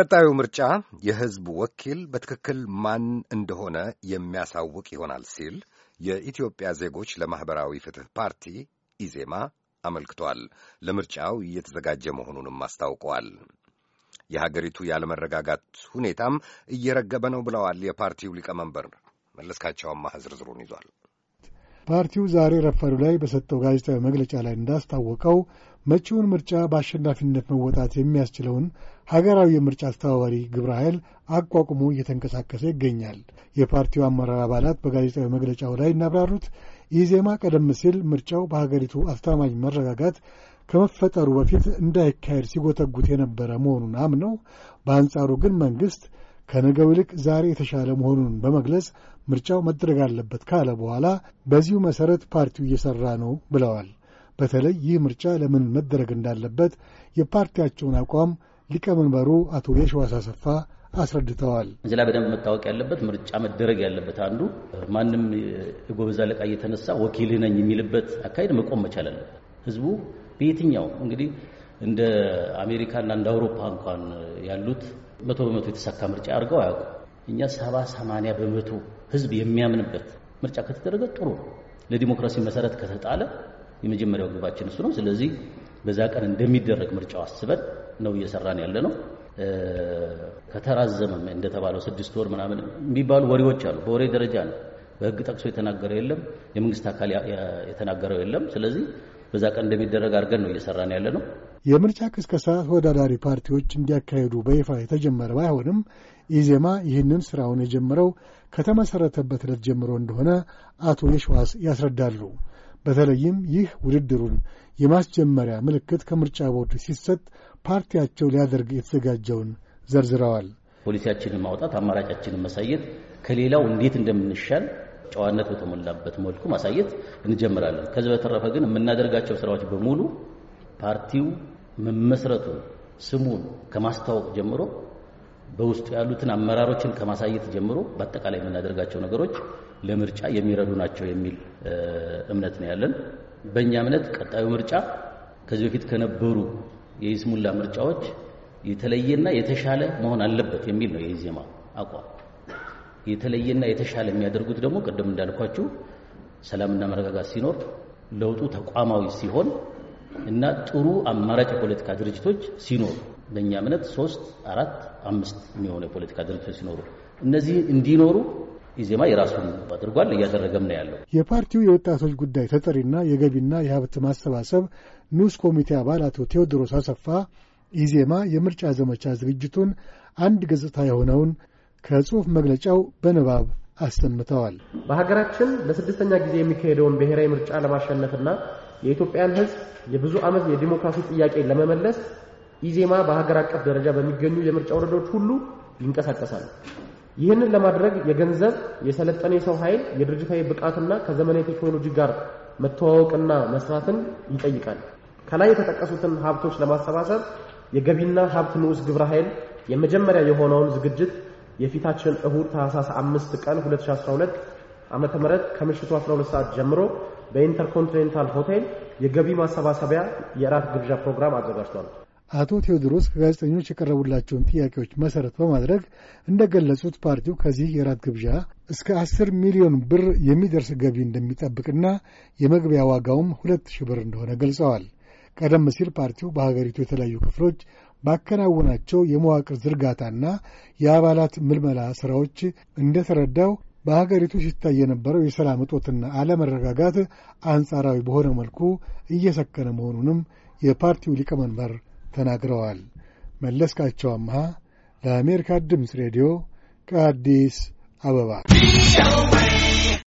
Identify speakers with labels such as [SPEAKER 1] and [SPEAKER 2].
[SPEAKER 1] ቀጣዩ ምርጫ የሕዝብ ወኪል በትክክል ማን እንደሆነ የሚያሳውቅ ይሆናል ሲል የኢትዮጵያ ዜጎች ለማኅበራዊ ፍትሕ ፓርቲ ኢዜማ አመልክቷል። ለምርጫው እየተዘጋጀ መሆኑንም አስታውቀዋል። የሀገሪቱ ያለመረጋጋት ሁኔታም እየረገበ ነው ብለዋል የፓርቲው ሊቀመንበር። መለስካቸው አማረ ዝርዝሩን ይዟል።
[SPEAKER 2] ፓርቲው ዛሬ ረፋዱ ላይ በሰጠው ጋዜጣዊ መግለጫ ላይ እንዳስታወቀው መጪውን ምርጫ በአሸናፊነት መወጣት የሚያስችለውን ሀገራዊ የምርጫ አስተባባሪ ግብረ ኃይል አቋቁሞ እየተንቀሳቀሰ ይገኛል። የፓርቲው አመራር አባላት በጋዜጣዊ መግለጫው ላይ እናብራሩት ኢዜማ ቀደም ሲል ምርጫው በሀገሪቱ አስተማማኝ መረጋጋት ከመፈጠሩ በፊት እንዳይካሄድ ሲጎተጉት የነበረ መሆኑን አምነው፣ በአንጻሩ ግን መንግሥት ከነገው ይልቅ ዛሬ የተሻለ መሆኑን በመግለጽ ምርጫው መደረግ አለበት ካለ በኋላ በዚሁ መሠረት ፓርቲው እየሠራ ነው ብለዋል። በተለይ ይህ ምርጫ ለምን መደረግ እንዳለበት የፓርቲያቸውን አቋም ሊቀመንበሩ አቶ የሸዋስ አሰፋ አስረድተዋል።
[SPEAKER 1] እዚህ ላይ በደንብ መታወቅ ያለበት ምርጫ መደረግ ያለበት አንዱ ማንም የጎበዝ አለቃ እየተነሳ ወኪል ነኝ የሚልበት አካሄድ መቆም መቻል አለበት። ህዝቡ በየትኛው እንግዲህ እንደ አሜሪካና እንደ አውሮፓ እንኳን ያሉት መቶ በመቶ የተሳካ ምርጫ አድርገው አያውቁም። እኛ ሰባ ሰማንያ በመቶ ህዝብ የሚያምንበት ምርጫ ከተደረገ ጥሩ ነው። ለዲሞክራሲ መሰረት ከተጣለ የመጀመሪያው ግባችን እሱ ነው። ስለዚህ በዛ ቀን እንደሚደረግ ምርጫው አስበን ነው እየሰራን ያለ ነው። ከተራዘመም እንደተባለው ስድስት ወር ምናምን የሚባሉ ወሬዎች አሉ። በወሬ ደረጃ ነው። በህግ ጠቅሶ የተናገረው የለም፣ የመንግስት አካል የተናገረው የለም። ስለዚህ በዛ ቀን እንደሚደረግ አድርገን ነው እየሰራን ያለ ነው።
[SPEAKER 2] የምርጫ ቅስቀሳ ተወዳዳሪ ፓርቲዎች እንዲያካሄዱ በይፋ የተጀመረ ባይሆንም ኢዜማ ይህንን ስራውን የጀመረው ከተመሠረተበት ዕለት ጀምሮ እንደሆነ አቶ የሸዋስ ያስረዳሉ። በተለይም ይህ ውድድሩን የማስጀመሪያ ምልክት ከምርጫ ቦርድ ሲሰጥ ፓርቲያቸው ሊያደርግ የተዘጋጀውን ዘርዝረዋል።
[SPEAKER 1] ፖሊሲያችንን ማውጣት፣ አማራጫችንን ማሳየት፣ ከሌላው እንዴት እንደምንሻል ጨዋነት በተሞላበት መልኩ ማሳየት እንጀምራለን። ከዚህ በተረፈ ግን የምናደርጋቸው ስራዎች በሙሉ ፓርቲው መመስረቱን ስሙን ከማስተዋወቅ ጀምሮ በውስጡ ያሉትን አመራሮችን ከማሳየት ጀምሮ በአጠቃላይ የምናደርጋቸው ነገሮች ለምርጫ የሚረዱ ናቸው የሚል እምነት ነው ያለን። በእኛ እምነት ቀጣዩ ምርጫ ከዚህ በፊት ከነበሩ የይስሙላ ምርጫዎች የተለየና የተሻለ መሆን አለበት የሚል ነው የኢዜማ አቋም። የተለየና የተሻለ የሚያደርጉት ደግሞ ቅድም እንዳልኳችሁ ሰላምና መረጋጋት ሲኖር፣ ለውጡ ተቋማዊ ሲሆን እና ጥሩ አማራጭ የፖለቲካ ድርጅቶች ሲኖሩ በእኛ እምነት ሶስት አራት አምስት የሚሆኑ የፖለቲካ ድርጅቶች ሲኖሩ እነዚህ እንዲኖሩ ኢዜማ የራሱን አድርጓል እያደረገም ነው ያለው።
[SPEAKER 2] የፓርቲው የወጣቶች ጉዳይ ተጠሪና የገቢና የሀብት ማሰባሰብ ንዑስ ኮሚቴ አባል አቶ ቴዎድሮስ አሰፋ ኢዜማ የምርጫ ዘመቻ ዝግጅቱን አንድ ገጽታ የሆነውን ከጽሑፍ መግለጫው በንባብ አሰምተዋል።
[SPEAKER 3] በሀገራችን ለስድስተኛ ጊዜ የሚካሄደውን ብሔራዊ ምርጫ ለማሸነፍና የኢትዮጵያን ሕዝብ የብዙ ዓመት የዲሞክራሲ ጥያቄ ለመመለስ ኢዜማ በሀገር አቀፍ ደረጃ በሚገኙ የምርጫ ወረዳዎች ሁሉ ይንቀሳቀሳል። ይህንን ለማድረግ የገንዘብ፣ የሰለጠነ የሰው ኃይል፣ የድርጅታዊ ብቃትና ከዘመናዊ ቴክኖሎጂ ጋር መተዋወቅና መስራትን ይጠይቃል። ከላይ የተጠቀሱትን ሀብቶች ለማሰባሰብ የገቢና ሀብት ንዑስ ግብረ ኃይል የመጀመሪያ የሆነውን ዝግጅት የፊታችን እሁድ ታህሳስ 5 ቀን 2012 ዓመተ ምህረት ከምሽቱ 12 ሰዓት ጀምሮ በኢንተርኮንቲኔንታል ሆቴል የገቢ ማሰባሰቢያ የእራት ግብዣ ፕሮግራም አዘጋጅቷል።
[SPEAKER 2] አቶ ቴዎድሮስ ከጋዜጠኞች የቀረቡላቸውን ጥያቄዎች መሰረት በማድረግ እንደገለጹት ፓርቲው ከዚህ የራት ግብዣ እስከ አስር ሚሊዮን ብር የሚደርስ ገቢ እንደሚጠብቅና የመግቢያ ዋጋውም ሁለት ሺህ ብር እንደሆነ ገልጸዋል። ቀደም ሲል ፓርቲው በሀገሪቱ የተለያዩ ክፍሎች ባከናወናቸው የመዋቅር ዝርጋታና የአባላት ምልመላ ሥራዎች እንደተረዳው በሀገሪቱ ሲታይ የነበረው የሰላም እጦትና አለመረጋጋት አንጻራዊ በሆነ መልኩ እየሰከነ መሆኑንም የፓርቲው ሊቀመንበር ተናግረዋል። መለስካቸው አምሃ ለአሜሪካ ድምፅ ሬዲዮ ከአዲስ አበባ